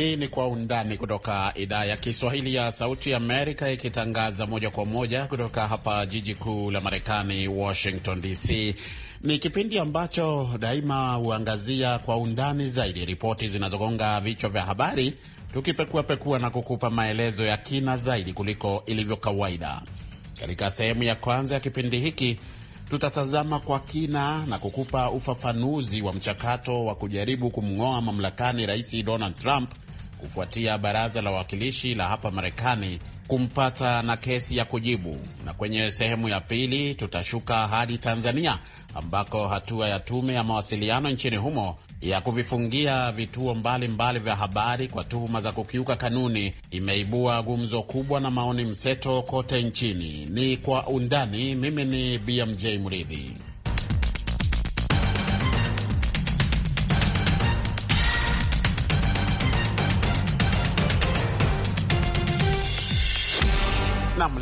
Hii ni Kwa Undani kutoka idhaa ya Kiswahili ya Sauti ya Amerika, ikitangaza moja kwa moja kutoka hapa jiji kuu la Marekani, Washington DC. Ni kipindi ambacho daima huangazia kwa undani zaidi ripoti zinazogonga vichwa vya habari, tukipekuapekua na kukupa maelezo ya kina zaidi kuliko ilivyo kawaida. Katika sehemu ya kwanza ya kipindi hiki tutatazama kwa kina na kukupa ufafanuzi wa mchakato wa kujaribu kumng'oa mamlakani Rais Donald Trump kufuatia baraza la wawakilishi la hapa Marekani kumpata na kesi ya kujibu. Na kwenye sehemu ya pili tutashuka hadi Tanzania ambako hatua ya tume ya mawasiliano nchini humo ya kuvifungia vituo mbalimbali mbali vya habari kwa tuhuma za kukiuka kanuni imeibua gumzo kubwa na maoni mseto kote nchini. Ni kwa undani. Mimi ni BMJ Mridhi.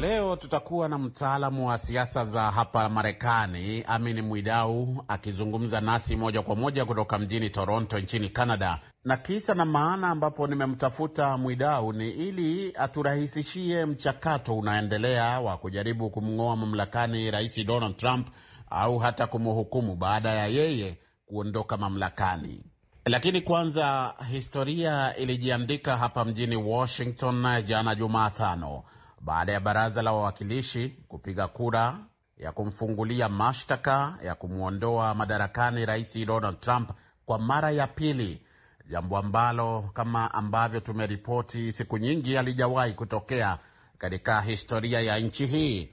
Leo tutakuwa na mtaalamu wa siasa za hapa Marekani, Amin Mwidau akizungumza nasi moja kwa moja kutoka mjini Toronto nchini Canada. Na kisa na maana ambapo nimemtafuta Mwidau ni ili aturahisishie mchakato unaendelea wa kujaribu kumng'oa mamlakani Rais Donald Trump au hata kumhukumu baada ya yeye kuondoka mamlakani. Lakini kwanza, historia ilijiandika hapa mjini Washington jana Jumatano baada ya baraza la wawakilishi kupiga kura ya kumfungulia mashtaka ya kumwondoa madarakani Rais Donald Trump kwa mara ya pili, jambo ambalo kama ambavyo tumeripoti siku nyingi halijawahi kutokea katika historia ya nchi hii.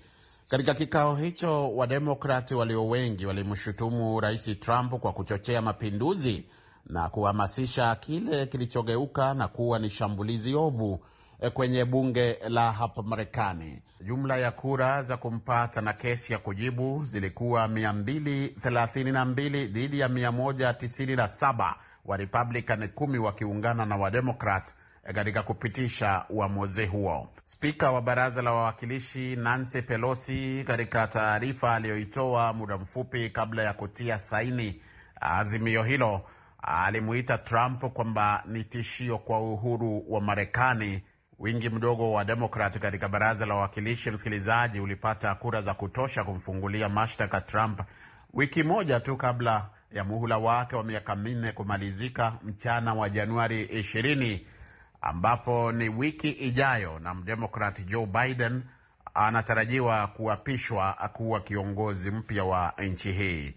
Katika kikao hicho, Wademokrati walio wengi walimshutumu Rais Trump kwa kuchochea mapinduzi na kuhamasisha kile kilichogeuka na kuwa ni shambulizi ovu Eh, kwenye bunge la hapa Marekani. Jumla ya kura za kumpata na kesi ya kujibu zilikuwa 232 dhidi ya 197, wa Republican kumi wakiungana na Wademokrat eh, katika kupitisha uamuzi huo. Spika wa baraza la wawakilishi Nancy Pelosi, katika taarifa aliyoitoa muda mfupi kabla ya kutia saini azimio hilo, alimuita Trump kwamba ni tishio kwa uhuru wa Marekani Wingi mdogo wa Demokrat katika baraza la wawakilishi, msikilizaji, ulipata kura za kutosha kumfungulia mashtaka Trump wiki moja tu kabla ya muhula wake wa miaka minne kumalizika mchana wa Januari 20 ambapo ni wiki ijayo, na mdemokrat Joe Biden anatarajiwa kuapishwa kuwa kiongozi mpya wa nchi hii.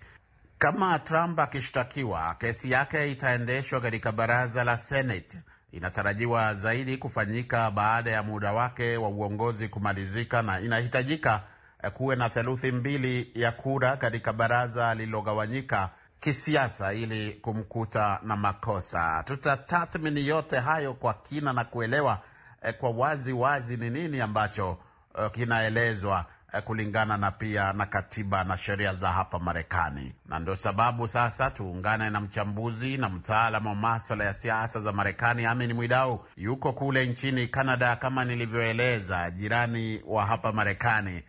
Kama Trump akishtakiwa, kesi yake itaendeshwa katika baraza la Senate inatarajiwa zaidi kufanyika baada ya muda wake wa uongozi kumalizika na inahitajika eh, kuwe na theluthi mbili ya kura katika baraza lililogawanyika kisiasa ili kumkuta na makosa. Tutatathmini yote hayo kwa kina na kuelewa eh, kwa wazi wazi ni nini ambacho eh, kinaelezwa Eh, kulingana na pia na katiba na sheria za hapa Marekani. Na ndio sababu sasa tuungane na mchambuzi na mtaalamu wa maswala ya siasa za Marekani, Amin Mwidau yuko kule nchini Canada, kama nilivyoeleza, jirani wa hapa Marekani.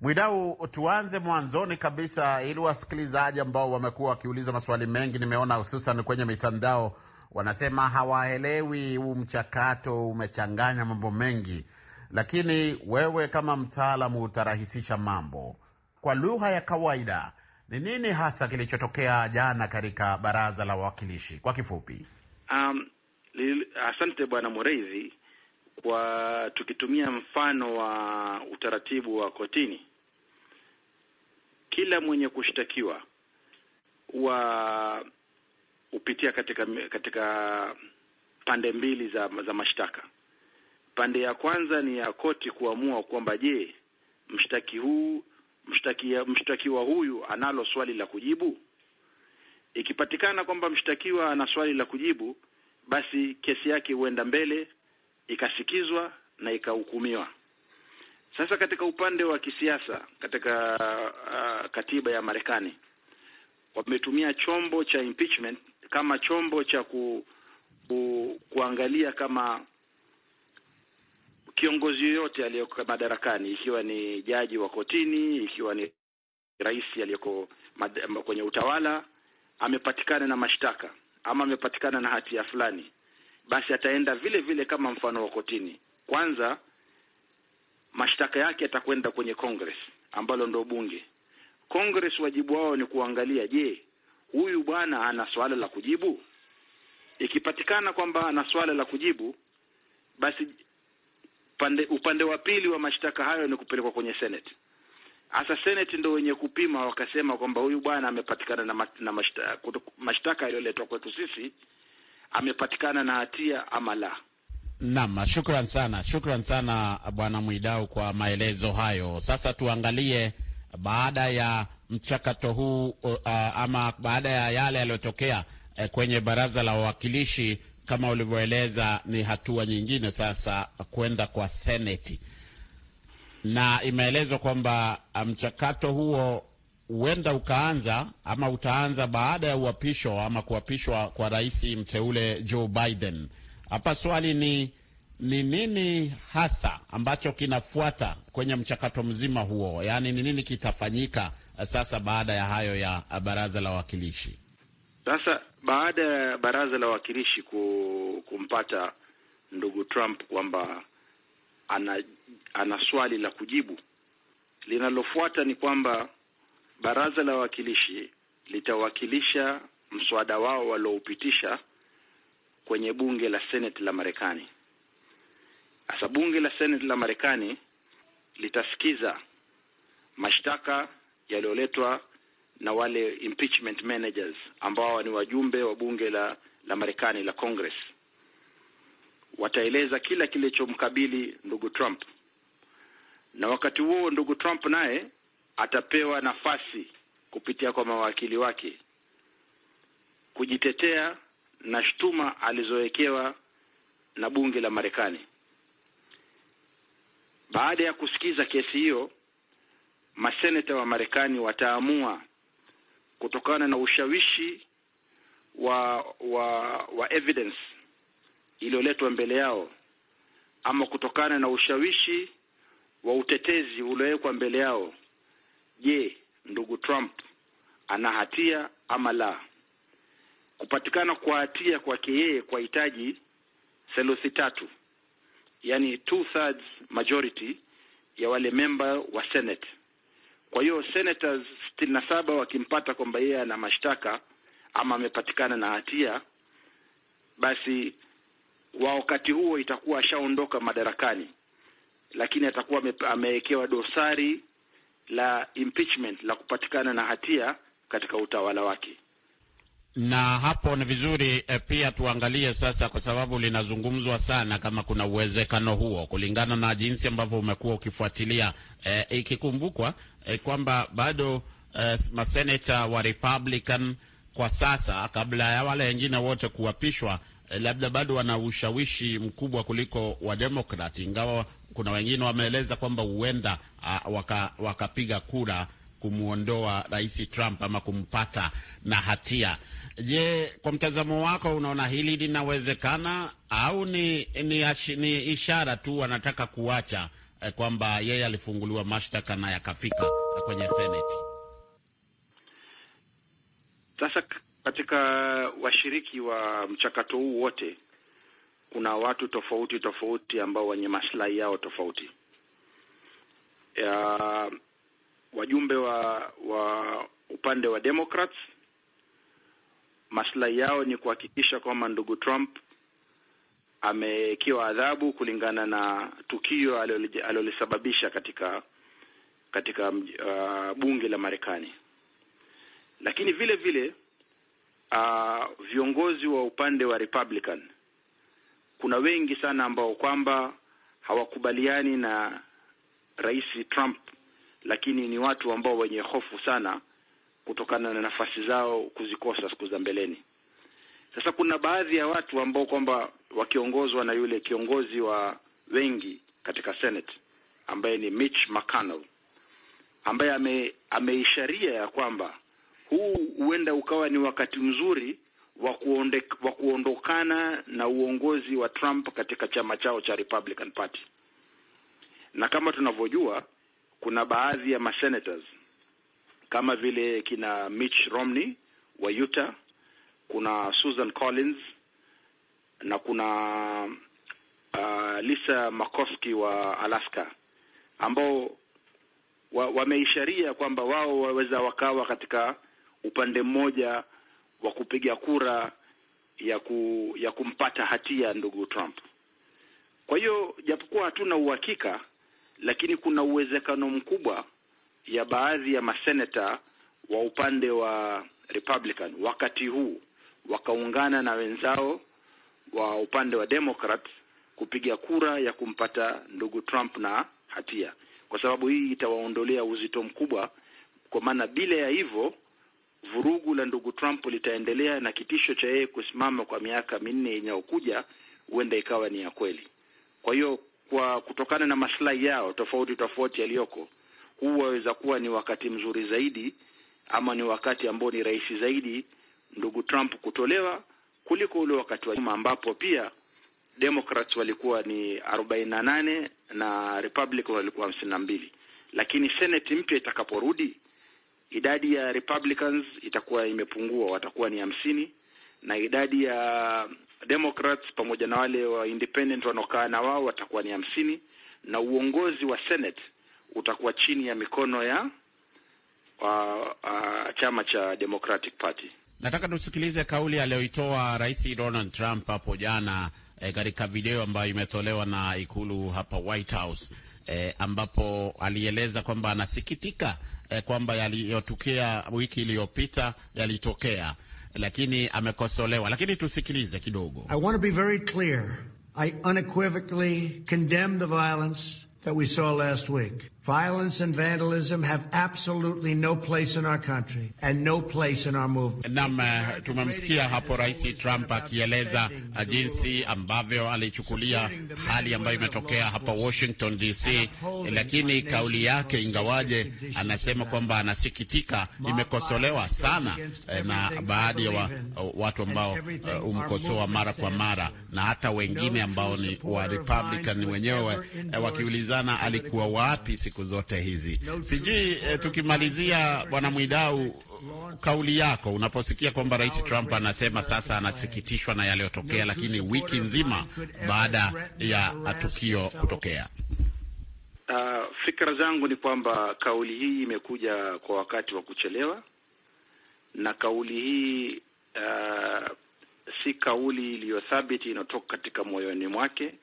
Mwidau, tuanze mwanzoni kabisa, ili wasikilizaji ambao wamekuwa wakiuliza maswali mengi, nimeona hususan kwenye mitandao, wanasema hawaelewi huu mchakato, umechanganya mambo mengi lakini wewe kama mtaalamu utarahisisha mambo. Kwa lugha ya kawaida, ni nini hasa kilichotokea jana katika baraza la wawakilishi kwa kifupi? Um, li, asante bwana Mureithi. Kwa tukitumia mfano wa utaratibu wa kotini, kila mwenye kushtakiwa huwa hupitia katika katika pande mbili za, za mashtaka Pande ya kwanza ni ya koti kuamua kwamba je, mshtaki huu mshtakiwa mshtaki huyu analo swali la kujibu. Ikipatikana kwamba mshtakiwa ana swali la kujibu, basi kesi yake huenda mbele ikasikizwa na ikahukumiwa. Sasa katika upande wa kisiasa, katika uh, katiba ya Marekani wametumia chombo cha impeachment kama chombo cha ku, ku, kuangalia kama kiongozi yoyote aliyoko madarakani, ikiwa ni jaji wa kotini, ikiwa ni rais aliyoko kwenye utawala, amepatikana na mashtaka ama amepatikana na hatia fulani, basi ataenda vile vile kama mfano wa kotini. Kwanza mashtaka yake yatakwenda kwenye Congress ambalo ndo bunge. Congress wajibu wao ni kuangalia, je, huyu bwana ana swala la kujibu? Ikipatikana kwamba ana swala la kujibu, basi Upande upande wa pili wa mashtaka hayo ni kupelekwa kwenye Senate. Hasa Senate ndio wenye kupima, wakasema kwamba huyu bwana amepatikana na, na mashtaka mashtaka yaliyoletwa kwetu sisi, amepatikana na hatia ama la. Naam, shukran sana, shukran sana Bwana Mwidau kwa maelezo hayo. Sasa tuangalie baada ya mchakato huu uh, ama baada ya yale yaliyotokea uh, kwenye baraza la wawakilishi kama ulivyoeleza, ni hatua nyingine sasa kwenda kwa Seneti, na imeelezwa kwamba ah, mchakato huo huenda ukaanza ama utaanza baada ya uapisho ama kuapishwa kwa rais mteule Joe Biden. Hapa swali ni ni nini hasa ambacho kinafuata kwenye mchakato mzima huo? Yaani, ni nini kitafanyika sasa baada ya hayo ya baraza la wawakilishi? Sasa baada ya baraza la wawakilishi kumpata ndugu Trump kwamba ana, ana swali la kujibu, linalofuata ni kwamba baraza la wawakilishi litawakilisha mswada wao walioupitisha kwenye bunge la Senate la Marekani. Sasa bunge la Senate la Marekani litasikiza mashtaka yaliyoletwa na wale impeachment managers ambao ni wajumbe wa bunge la la Marekani la Congress wataeleza kila kilichomkabili ndugu Trump, na wakati huo ndugu Trump naye atapewa nafasi kupitia kwa mawakili wake kujitetea na shtuma alizowekewa na bunge la Marekani. Baada ya kusikiza kesi hiyo, maseneta wa Marekani wataamua kutokana na ushawishi wa wa wa evidence iliyoletwa mbele yao ama kutokana na ushawishi wa utetezi uliowekwa mbele yao. Je, ndugu Trump ana hatia ama la? Kupatikana kwa hatia kwake yeye kwa hitaji theluthi tatu, yani two thirds majority ya wale memba wa Senate. Kwa hiyo senators sitini na saba wakimpata kwamba yeye ana mashtaka ama amepatikana na hatia, basi wa wakati huo itakuwa ashaondoka madarakani, lakini atakuwa amewekewa dosari la impeachment la kupatikana na hatia katika utawala wake na hapo ni vizuri e, pia tuangalie sasa, kwa sababu linazungumzwa sana kama kuna uwezekano huo, kulingana na jinsi ambavyo umekuwa ukifuatilia e, ikikumbukwa e, kwamba bado e, maseneta wa Republican kwa sasa, kabla ya wale wengine wote kuapishwa e, labda bado wana ushawishi mkubwa kuliko wa Democrat, ingawa kuna wengine wameeleza kwamba huenda ah, wakapiga waka kura kumwondoa Rais Trump ama kumpata na hatia. Je, kwa mtazamo wako unaona hili linawezekana au ni, ni, ni ishara tu wanataka kuacha eh, kwamba yeye alifunguliwa mashtaka na yakafika kwenye seneti? Sasa katika washiriki wa mchakato huu wote kuna watu tofauti tofauti ambao wenye maslahi yao tofauti ya, wajumbe wa, wa upande wa Democrats maslahi yao ni kuhakikisha kwamba ndugu Trump amekiwa adhabu kulingana na tukio alilolisababisha katika katika uh, bunge la Marekani. Lakini vile vile uh, viongozi wa upande wa Republican kuna wengi sana ambao kwamba hawakubaliani na Rais Trump, lakini ni watu ambao wenye hofu sana kutokana na nafasi zao kuzikosa siku za mbeleni. Sasa kuna baadhi ya watu ambao kwamba wakiongozwa na yule kiongozi wa wengi katika Senate ambaye ni Mitch McConnell ambaye ame, ameisharia ya kwamba huu huenda ukawa ni wakati mzuri wa kuondokana na uongozi wa Trump katika chama chao cha Republican Party, na kama tunavyojua kuna baadhi ya masenators kama vile kina Mitch Romney wa Utah, kuna Susan Collins na kuna uh, Lisa Makoski wa Alaska ambao wameisharia wa kwamba wao waweza wakawa katika upande mmoja wa kupiga kura ya ku, ya kumpata hatia ndugu Trump. Kwa hiyo japokuwa hatuna uhakika, lakini kuna uwezekano mkubwa ya baadhi ya maseneta wa upande wa Republican wakati huu wakaungana na wenzao wa upande wa Democrat kupiga kura ya kumpata ndugu Trump na hatia, kwa sababu hii itawaondolea uzito mkubwa, kwa maana bila ya hivyo vurugu la ndugu Trump litaendelea na kitisho cha yeye kusimama kwa miaka minne inayokuja huenda ikawa ni ya kweli. Kwa hiyo, kwa kutokana na maslahi yao tofauti tofauti yaliyoko huu waweza kuwa ni wakati mzuri zaidi ama ni wakati ambao ni rahisi zaidi ndugu Trump kutolewa kuliko ule wakati wa nyuma ambapo pia Democrats walikuwa ni arobaini na nane na Republicans walikuwa hamsini na mbili lakini Senate mpya itakaporudi idadi ya Republicans itakuwa imepungua, watakuwa ni hamsini na idadi ya Democrats pamoja na wale wa independent wanaokaa na wao watakuwa ni hamsini na uongozi wa Senate utakuwa chini ya mikono ya uh, uh, chama cha Democratic Party. Nataka tusikilize kauli aliyoitoa Rais Donald Trump hapo jana e, katika e, video ambayo imetolewa na ikulu hapa White House e, ambapo alieleza kwamba anasikitika e, kwamba yaliyotokea wiki iliyopita yalitokea, lakini amekosolewa. Lakini tusikilize kidogo. I want to be very clear. I unequivocally condemn the violence that we saw last week. Violence and vandalism have absolutely no place in our country and no place in our movement. Naam, eh, tumemsikia hapo Rais Trump akieleza eh, jinsi ambavyo alichukulia hali ambayo imetokea hapa Washington DC, lakini kauli yake ingawaje anasema kwamba anasikitika, imekosolewa sana eh, na baadhi ya wa, watu ambao humkosoa mara kwa mara na hata wengine ambao ni wa Republican wenyewe wakiulizana alikuwa wapi siku siku zote hizi. Sijui eh, tukimalizia Bwana Mwidau, kauli yako unaposikia kwamba Rais Trump anasema sasa anasikitishwa na yaliyotokea, lakini wiki nzima baada ya tukio kutokea. Uh, fikra zangu ni kwamba kauli hii imekuja kwa wakati wa kuchelewa, na kauli hii uh, si kauli iliyothabiti inayotoka katika moyoni mwake,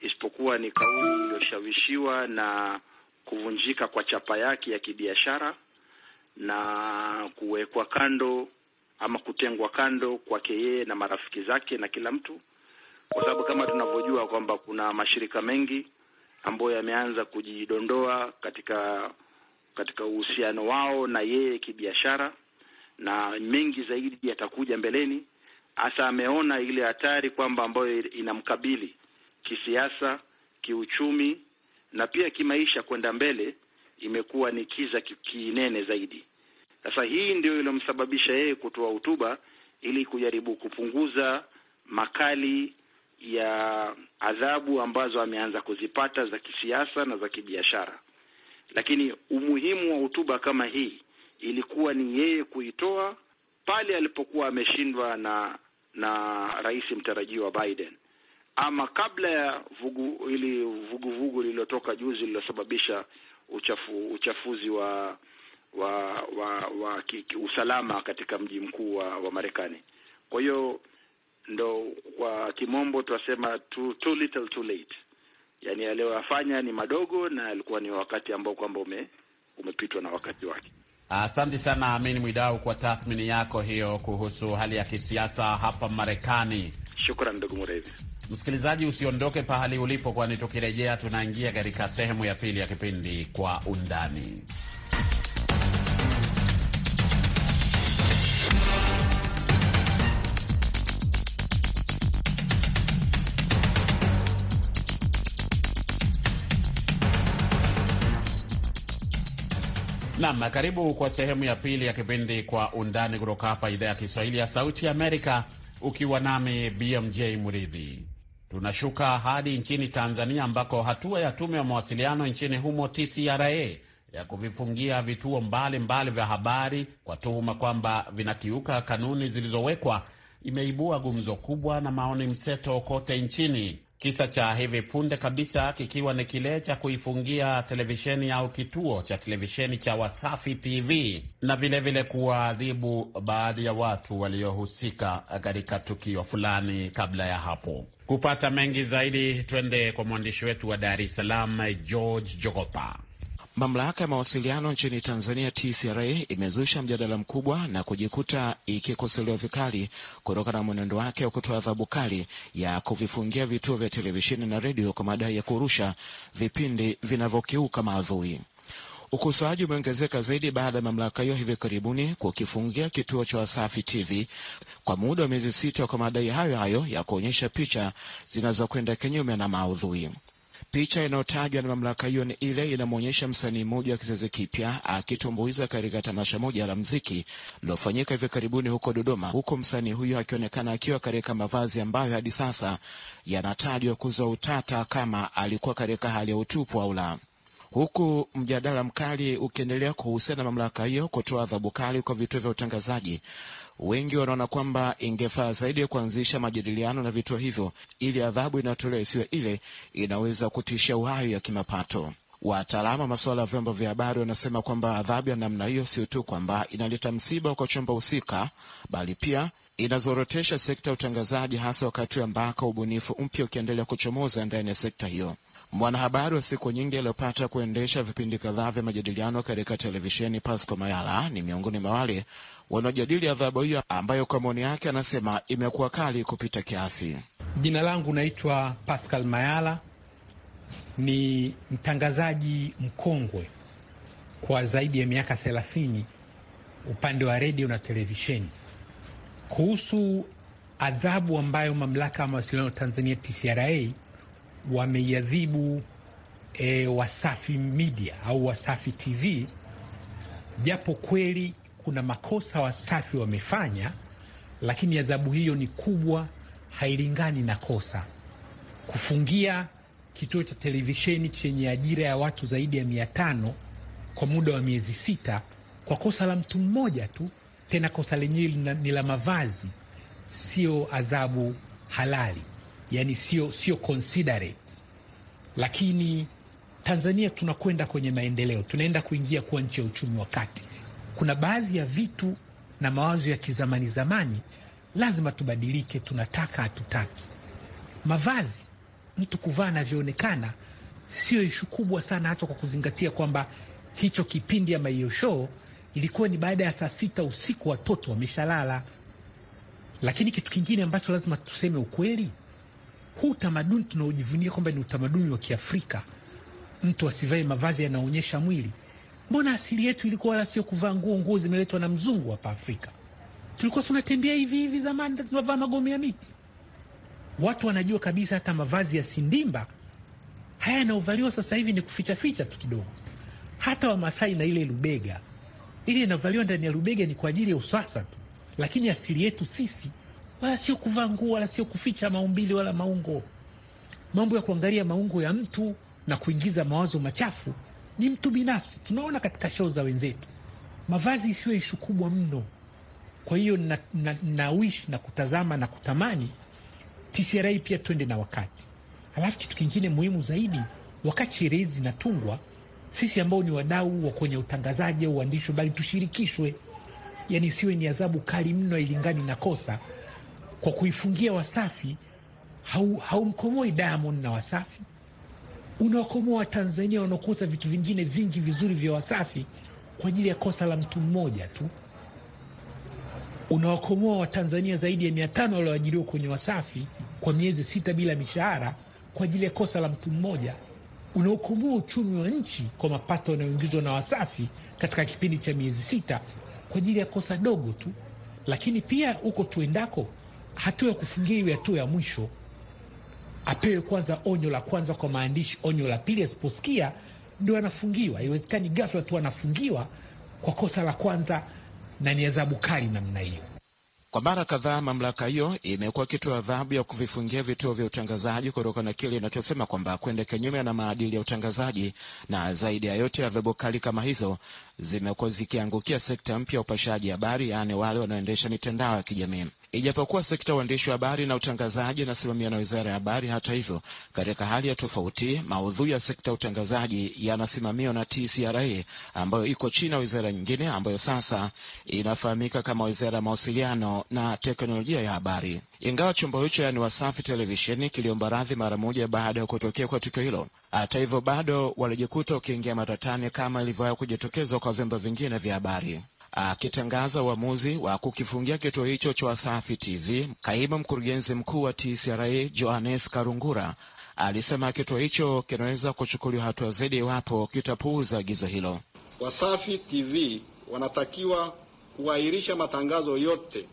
isipokuwa ni kauli iliyoshawishiwa na kuvunjika kwa chapa yake ya kibiashara na kuwekwa kando ama kutengwa kando kwake yeye na marafiki zake na kila mtu, kwa sababu kama tunavyojua kwamba kuna mashirika mengi ambayo yameanza kujidondoa katika katika uhusiano wao na yeye kibiashara, na mengi zaidi yatakuja mbeleni. Hasa ameona ile hatari kwamba ambayo inamkabili kisiasa, kiuchumi na pia kimaisha kwenda mbele imekuwa ni kiza kinene zaidi. Sasa hii ndio iliyomsababisha yeye kutoa hotuba ili kujaribu kupunguza makali ya adhabu ambazo ameanza kuzipata za kisiasa na za kibiashara. Lakini umuhimu wa hotuba kama hii ilikuwa ni yeye kuitoa pale alipokuwa ameshindwa na na rais mtarajiwa Biden, ama kabla ya vugu ili vuguvugu lililotoka juzi lililosababisha uchafu, uchafuzi wa wa wa, wa ki, ki, usalama katika mji mkuu wa, wa Marekani. Kwa hiyo ndo kwa kimombo tunasema too, too little too late, yaani aliyoyafanya ni madogo na alikuwa ni wakati ambao kwamba ume, umepitwa na wakati wake. Asante sana Amin Mwidau kwa tathmini yako hiyo kuhusu hali ya kisiasa hapa Marekani. Shukran ndugu Mrevi. Msikilizaji, usiondoke pahali ulipo, kwani tukirejea tunaingia katika sehemu ya pili ya kipindi Kwa Undani. Nam, karibu kwa sehemu ya pili ya kipindi Kwa Undani kutoka hapa idhaa ya Kiswahili ya Sauti ya Amerika, ukiwa nami BMJ Muridhi. Tunashuka hadi nchini Tanzania ambako hatua ya tume ya mawasiliano nchini humo TCRA ya kuvifungia vituo mbalimbali mbali vya habari kwa tuhuma kwamba vinakiuka kanuni zilizowekwa imeibua gumzo kubwa na maoni mseto kote nchini kisa cha hivi punde kabisa kikiwa ni kile cha kuifungia televisheni au kituo cha televisheni cha Wasafi TV na vilevile kuwaadhibu baadhi ya watu waliohusika katika tukio fulani kabla ya hapo. Kupata mengi zaidi, twende kwa mwandishi wetu wa Dar es Salaam, George Jogopa. Mamlaka ya mawasiliano nchini Tanzania, TCRA, imezusha mjadala mkubwa na kujikuta ikikosolewa vikali kutokana na mwenendo wake wa kutoa adhabu kali ya kuvifungia vituo vya televisheni na redio kwa madai ya kurusha vipindi vinavyokiuka maadhui. Ukosoaji umeongezeka zaidi baada ya mamlaka hiyo hivi karibuni kukifungia kituo cha Wasafi TV kwa muda wa miezi sita kwa madai hayo hayo ya kuonyesha picha zinazokwenda kinyume na maudhui. Picha inayotajwa na mamlaka hiyo ni ile inamwonyesha msanii mmoja wa kizazi kipya akitumbuiza katika tamasha moja la mziki lilofanyika hivi karibuni huko Dodoma, huku msanii huyo akionekana akiwa katika mavazi ambayo hadi sasa yanatajwa kuzua utata kama alikuwa katika hali ya utupu au la huku mjadala mkali ukiendelea kuhusiana na mamlaka hiyo kutoa adhabu kali kwa vituo vya utangazaji Wengi wanaona kwamba ingefaa zaidi ya kuanzisha majadiliano na vituo hivyo ili adhabu inayotolewa isiwe ile inaweza kutishia uhai ya kimapato. Wataalamu wa masuala ya vyombo vya habari wanasema kwamba adhabu ya namna hiyo sio tu kwamba inaleta msiba kwa chombo husika, bali pia inazorotesha sekta ya utangazaji, hasa wakati ambako ubunifu mpya ukiendelea kuchomoza ndani ya sekta hiyo. Mwanahabari wa siku nyingi aliyopata kuendesha vipindi kadhaa vya majadiliano katika televisheni, Pasco Mayala ni miongoni mwa wale wanaojadili adhabu hiyo ambayo kwa maoni yake anasema imekuwa kali kupita kiasi. Jina langu naitwa Pascal Mayala, ni mtangazaji mkongwe kwa zaidi ya miaka thelathini upande wa redio na televisheni. Kuhusu adhabu ambayo mamlaka ya mawasiliano Tanzania TCRA wameiadhibu e, Wasafi Media au Wasafi TV, japo kweli kuna makosa Wasafi wamefanya, lakini adhabu hiyo ni kubwa, hailingani na kosa. Kufungia kituo cha televisheni chenye ajira ya watu zaidi ya mia tano kwa muda wa miezi sita kwa kosa la mtu mmoja tu, tena kosa lenyewe ni la mavazi, sio adhabu halali yani sio sio considerate. Lakini Tanzania tunakwenda kwenye maendeleo, tunaenda kuingia kuwa nchi ya uchumi wa kati. Kuna baadhi ya vitu na mawazo ya kizamani zamani lazima tubadilike, tunataka hatutaki. Mavazi, mtu kuvaa anavyoonekana sio ishu kubwa sana, hata kwa kuzingatia kwamba hicho kipindi ama hiyo show ilikuwa ni baada ya saa sita usiku, watoto wameshalala. Lakini kitu kingine ambacho lazima tuseme ukweli huu utamaduni tunaojivunia kwamba ni utamaduni wa Kiafrika, mtu asivae mavazi yanaonyesha mwili. Mbona asili yetu ilikuwa wala sio kuvaa nguo, nguo zimeletwa na mzungu hapa Afrika. Tulikuwa tunatembea hivi hivi zamani, tunavaa magome ya miti. Watu wanajua kabisa hata mavazi ya sindimba haya yanayovaliwa sasa hivi ni kufichaficha tu kidogo. Hata Wamasai na ile lubega ile inavaliwa ndani ya lubega ni kwa ajili ya usasa tu, lakini asili yetu sisi wala sio kuvaa nguo wala sio kuficha maumbile wala maungo. Mambo ya kuangalia maungo ya mtu na kuingiza mawazo machafu ni mtu binafsi. Tunaona katika show za wenzetu, mavazi isiwe ishu kubwa mno. Kwa hiyo na, na, na wish na kutazama na kutamani TCRA pia twende na wakati. Alafu kitu kingine muhimu zaidi, wakati sherehe hizi zinatungwa, sisi ambao ni wadau wa kwenye utangazaji au uandishi, bali tushirikishwe, yani siwe ni adhabu kali mno ilingani na kosa kwa kuifungia Wasafi haumkomoi hau Diamond na Wasafi, unawakomoa Watanzania wanaokosa vitu vingine vingi vizuri vya Wasafi kwa ajili ya kosa la mtu mmoja tu. Unawakomoa Watanzania zaidi ya mia tano walioajiriwa kwenye Wasafi kwa miezi sita bila mishahara kwa ajili ya kosa la mtu mmoja. Unaokomoa uchumi wa nchi kwa mapato yanayoingizwa na Wasafi katika kipindi cha miezi sita kwa ajili ya kosa dogo tu. Lakini pia huko tuendako hatua ya kufungia hiyo hatua ya mwisho, apewe kwanza onyo la kwanza kwa maandishi, onyo la pili asiposikia ndio anafungiwa. Haiwezekani ghafla tu anafungiwa kwa kosa la kwanza, na ni adhabu kali namna hiyo. Kwa mara kadhaa mamlaka hiyo imekuwa ikitoa adhabu ya kuvifungia vituo vya utangazaji kutokana na kile inachosema kwamba kwenda kinyume na maadili ya utangazaji. Na zaidi ya yote, adhabu kali kama hizo zimekuwa zikiangukia sekta mpya ya upashaji habari, yaani wale wanaoendesha mitandao ya kijamii. Ijapokuwa sekta ya uandishi wa habari na utangazaji inasimamiwa na wizara ya habari, hata hivyo, katika hali ya tofauti, maudhui ya sekta ya utangazaji yanasimamiwa na TCRA ambayo iko chini ya wizara nyingine ambayo sasa inafahamika kama wizara ya mawasiliano na teknolojia ya habari. Ingawa chombo hicho, yani Wasafi Televisheni, kiliomba radhi mara moja baada ya kutokea kwa tukio hilo, hata hivyo, bado walijikuta wakiingia matatani kama ilivyowahi kujitokeza kwa vyombo vingine vya habari akitangaza uamuzi wa kukifungia kituo hicho cha Wasafi TV, kaimu mkurugenzi mkuu wa TCRA Johannes Karungura alisema kituo hicho kinaweza kuchukuliwa hatua zaidi iwapo kitapuuza agizo hilo. Wasafi TV wanatakiwa kuahirisha matangazo yote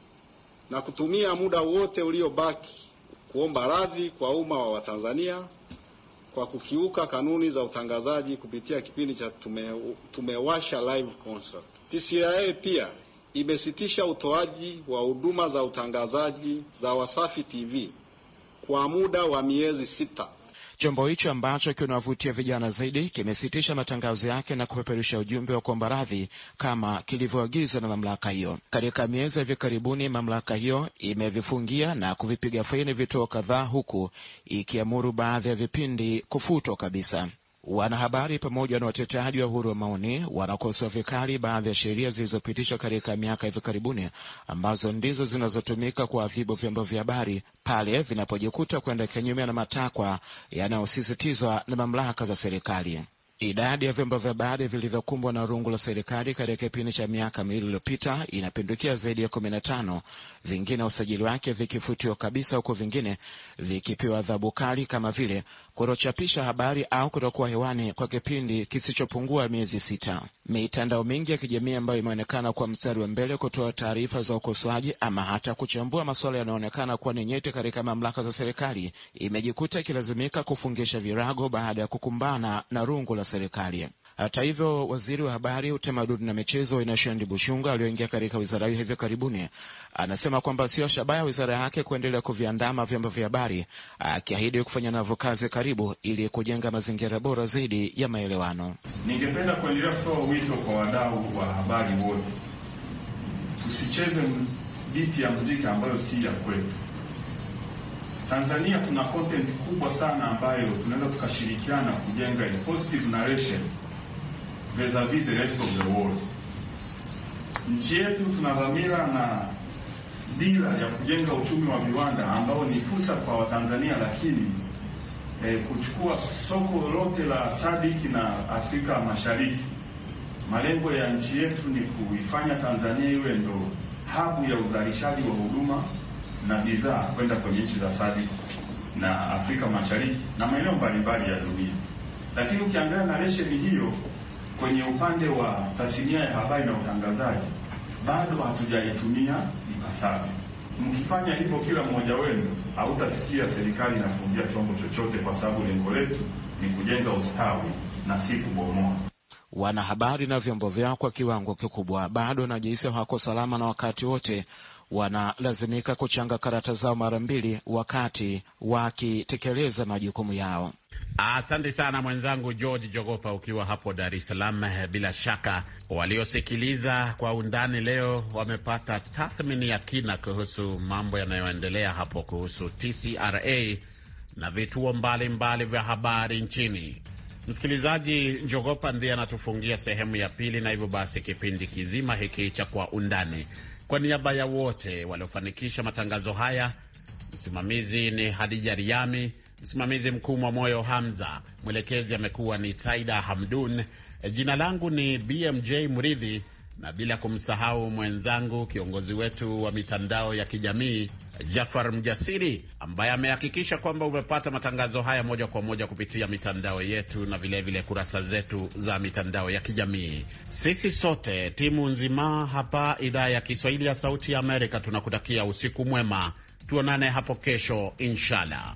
na kutumia muda wote uliobaki kuomba radhi kwa umma wa Watanzania kwa kukiuka kanuni za utangazaji kupitia kipindi cha tume, Tumewasha live concert. TCRA pia imesitisha utoaji wa huduma za utangazaji za Wasafi TV kwa muda wa miezi sita. Chombo hicho ambacho kinawavutia vijana zaidi kimesitisha matangazo yake na kupeperusha ujumbe wa kuomba radhi kama kilivyoagizwa na mamlaka hiyo. Katika miezi ya hivi karibuni, mamlaka hiyo imevifungia na kuvipiga faini vituo kadhaa, huku ikiamuru baadhi ya vipindi kufutwa kabisa. Wanahabari pamoja na wateteaji wa uhuru wa maoni wanakosoa vikali baadhi ya sheria zilizopitishwa katika miaka hivi karibuni ambazo ndizo zinazotumika kuadhibu vyombo vya habari pale vinapojikuta kwenda kinyume na matakwa yanayosisitizwa na mamlaka za serikali. Idadi ya vyombo vya habari vilivyokumbwa na rungu la serikali katika kipindi cha miaka miwili iliyopita inapindukia zaidi ya kumi na tano, vingine usajili wake vikifutiwa kabisa, huku vingine vikipewa adhabu kali kama vile kutochapisha habari au kutokuwa hewani kwa kipindi kisichopungua miezi sita. Mitandao mingi ya kijamii ambayo imeonekana kuwa mstari wa mbele kutoa taarifa za ukosoaji ama hata kuchambua masuala yanayoonekana kuwa ni nyeti katika mamlaka za serikali imejikuta ikilazimika kufungisha virago baada ya kukumbana na rungu la serikali. Hata hivyo, waziri wa habari, utamaduni na michezo Inashandi Bushunga aliyoingia katika wizara hiyo hivi karibuni anasema kwamba sio shabaha ya wizara yake kuendelea kuviandama vyombo vya habari, akiahidi kufanya navyo kazi karibu ili kujenga mazingira bora zaidi ya maelewano. Ningependa kuendelea kutoa wito kwa wadau wa habari wote, tusicheze biti ya muziki ambayo si ya kwetu. Tanzania tuna content kubwa sana ambayo tunaweza tukashirikiana kujenga positive narration vis à vis du reste of the world. Nchi yetu tuna dhamira na dira ya kujenga uchumi wa viwanda ambao ni fursa kwa Watanzania, lakini eh, kuchukua soko lote la sadiki na Afrika Mashariki. Malengo ya nchi yetu ni kuifanya Tanzania iwe ndo habu ya uzalishaji wa huduma na bidhaa kwenda kwenye nchi za sadik na Afrika Mashariki na maeneo mbalimbali ya dunia. Lakini ukiangalia na lesheni hiyo kwenye upande wa tasnia ya habari na utangazaji bado hatujaitumia ipasavyo. Mkifanya hivyo, kila mmoja wenu hautasikia serikali inafungia chombo chochote, kwa sababu lengo letu ni kujenga ustawi na si kubomoa. Wanahabari na vyombo vyao kwa kiwango kikubwa bado wanajihisi hawako salama na wakati wote wanalazimika kuchanga karata zao mara mbili wakati wakitekeleza majukumu yao. Asante sana mwenzangu George Jogopa, ukiwa hapo Dar es Salaam. Bila shaka waliosikiliza kwa undani leo wamepata tathmini ya kina kuhusu mambo yanayoendelea hapo kuhusu TCRA na vituo mbalimbali vya habari nchini. Msikilizaji, Jogopa ndiye anatufungia sehemu ya pili, na hivyo basi kipindi kizima hiki cha Kwa Undani kwa niaba ya wote waliofanikisha matangazo haya, msimamizi ni Hadija Riami, msimamizi mkuu mwa Moyo Hamza, mwelekezi amekuwa ni Saida Hamdun, jina langu ni BMJ mridhi na bila kumsahau mwenzangu kiongozi wetu wa mitandao ya kijamii Jafar Mjasiri ambaye amehakikisha kwamba umepata matangazo haya moja kwa moja kupitia mitandao yetu na vilevile kurasa zetu za mitandao ya kijamii. Sisi sote timu nzima hapa idhaa ya Kiswahili ya Sauti ya Amerika tunakutakia usiku mwema, tuonane hapo kesho inshallah.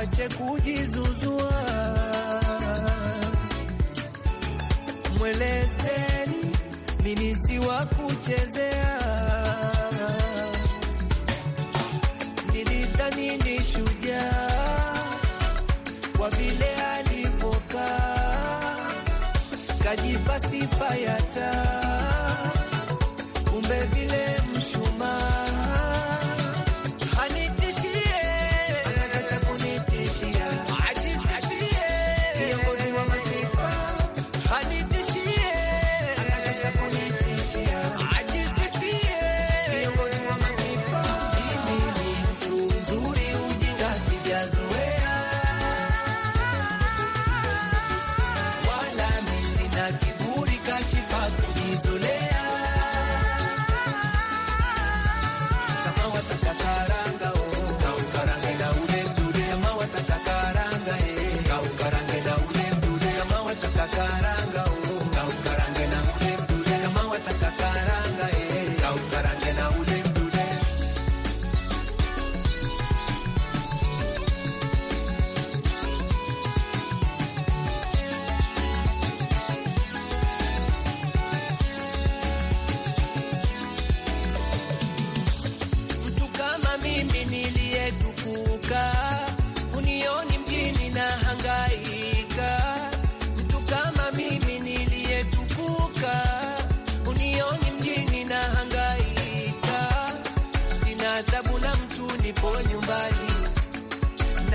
waache kujizuzua, mwelezeni mimi si wa kuchezea, nilidhani ni shujaa kwa vile alivokaa kajipa sifa ya taa, kumbe vile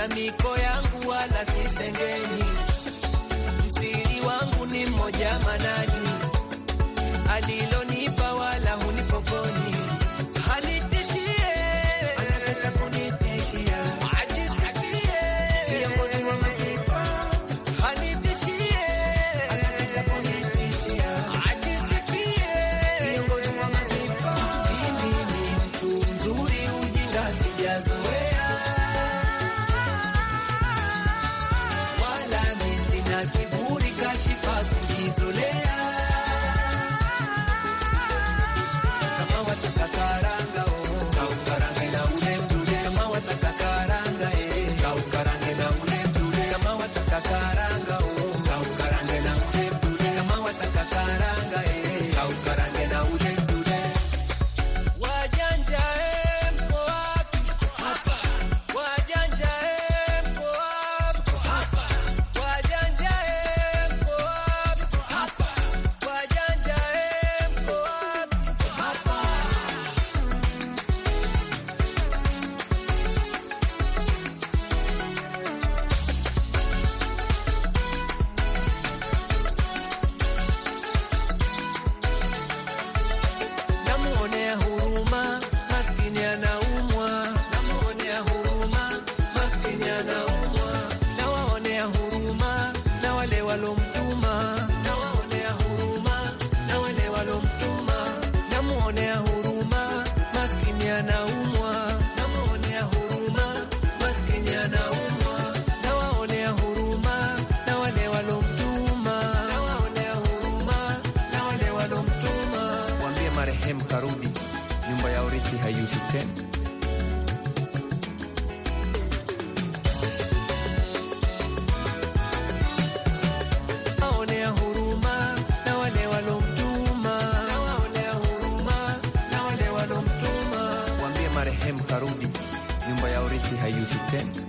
miko yangu wala sisengeni siri wangu ni mmoja manani how you should think.